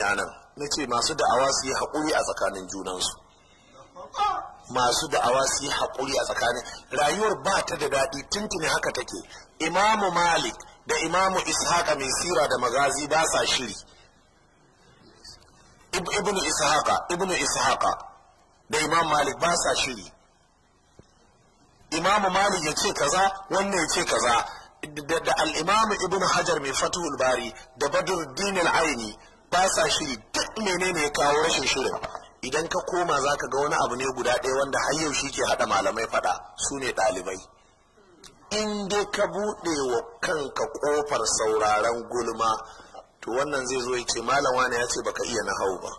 nan na ce masu da'awa su yi haƙuri a tsakanin junansu masu da'awa su yi haƙuri a tsakanin rayuwar ba ta da daɗi tuntuni haka take imamu malik da imamu ishaqa mai sira da magazi ba sa shiri ibnu ishaqa ibnu ishaqa da imam malik ba sa shiri imamu malik ya ce kaza wannan ya ce kaza da Al'imamu Ibn ibnu hajar mai fatuhul bari da badur dinin aini ba sa shiri duk menene ya kawo rashin shirin idan ka koma za ka ga wani abu ne guda ɗaya wanda har yau shi ke haɗa malamai faɗa su ne ɗalibai in dai ka buɗe wa kanka kofar sauraron gulma to wannan zai zo ya ce malam wani ya ce baka iya na hau ba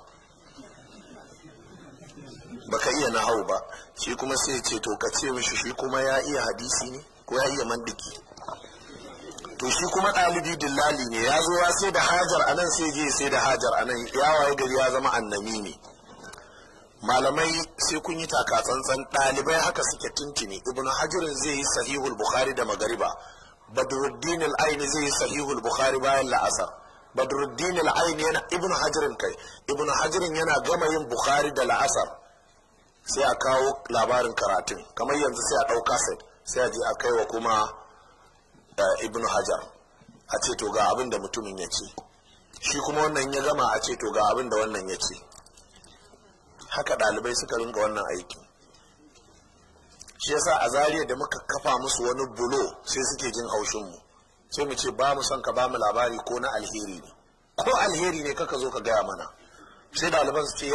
baka iya na hau ba shi kuma sai ce to ka ce mishi shi kuma ya iya hadisi ne ko ya iya mandiki to shi kuma ɗalibi dillali ne ya zo ya sai da hajar a nan sai je sai da hajar a nan ya waye gari ya zama annami ne malamai sai kun yi taka tsantsan ɗalibai haka suke tuntuni ibnu hajarin zai yi sahihul bukhari da magariba badruddin al-aini zai yi sahihul bukhari bayan la'asar badruddin al-aini yana ibnu hajarin kai ibnu hajarin yana gama yin bukhari da la'asar sai a kawo labarin karatun kamar yanzu sai a kaset sai a je a kai wa kuma Eh, ibn hajar a ce to ga abin da mutumin ya ce shi kuma wannan ya gama a ce to ga abin da wannan ya ce haka ɗalibai suka rinka wannan aiki shi yasa a zariya da muka kafa musu wani bulo sai suke jin haushinmu sai mu ce ba mu son ka ba mu labari ko na alheri ne ko alheri ne kaka zo ka gaya mana sai ɗaliban su ce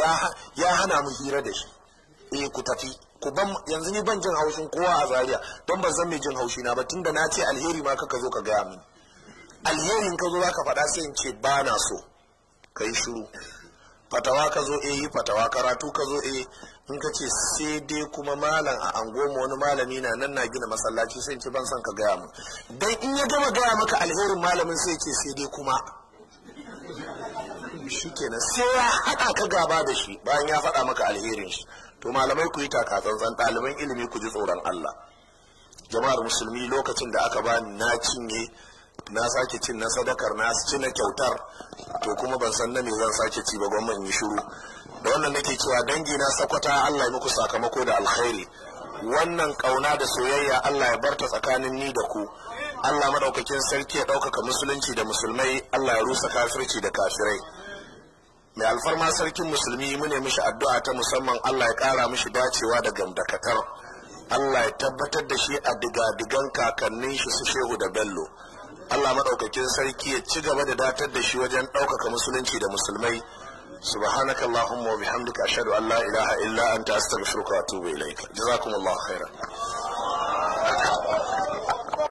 ya hana mu hira da shi eh ku tafi ku ban yanzu ni ban jin haushin kowa a zaria don ban san mai jin haushi na ba tunda na ce alheri ma kaka zo ka gaya mini alherin ka zo zaka faɗa sai in ce ba na so ka yi shiru fatawa ka zo eh fatawa karatu ka zo eh in ka ce sai dai kuma malam a angoma wani malami na nan na gina masallaci sai in ce ban san ka gaya mu dan in ya gama gaya maka alherin malamin sai ce sai dai kuma shi kenan sai ya haɗa ka gaba da shi bayan ya faɗa maka alherin shi to malamai ku yi taka tsantsan ɗaliban ilimi ku ji tsoron Allah jama'ar musulmi lokacin da aka bani na cinye na sake cin na sadakar na ci na kyautar to kuma ban san na me zan sake ci ba gwamnan yi shiru da wannan nake cewa dangi na sakwata Allah ya muku sakamako da alkhairi wannan kauna da soyayya Allah ya barta tsakanin ni da ku Allah madaukakin sarki ya ɗaukaka musulunci da musulmai Allah ya rusa kafirci da kafirai mai alfarma sarkin musulmi mu mune mishi addu'a ta musamman Allah ya kara mishi dacewa da gamdakatar Allah ya tabbatar da shi a digadigan kakannin shi su shehu da bello Allah madaukakin sarki ya ci gaba da datar da shi wajen ɗaukaka musulunci da musulmai سبحانك wa bihamdika ashhadu an la ilaha illa anta astaghfiruka wa atubu ilaik jazakumullahu khairan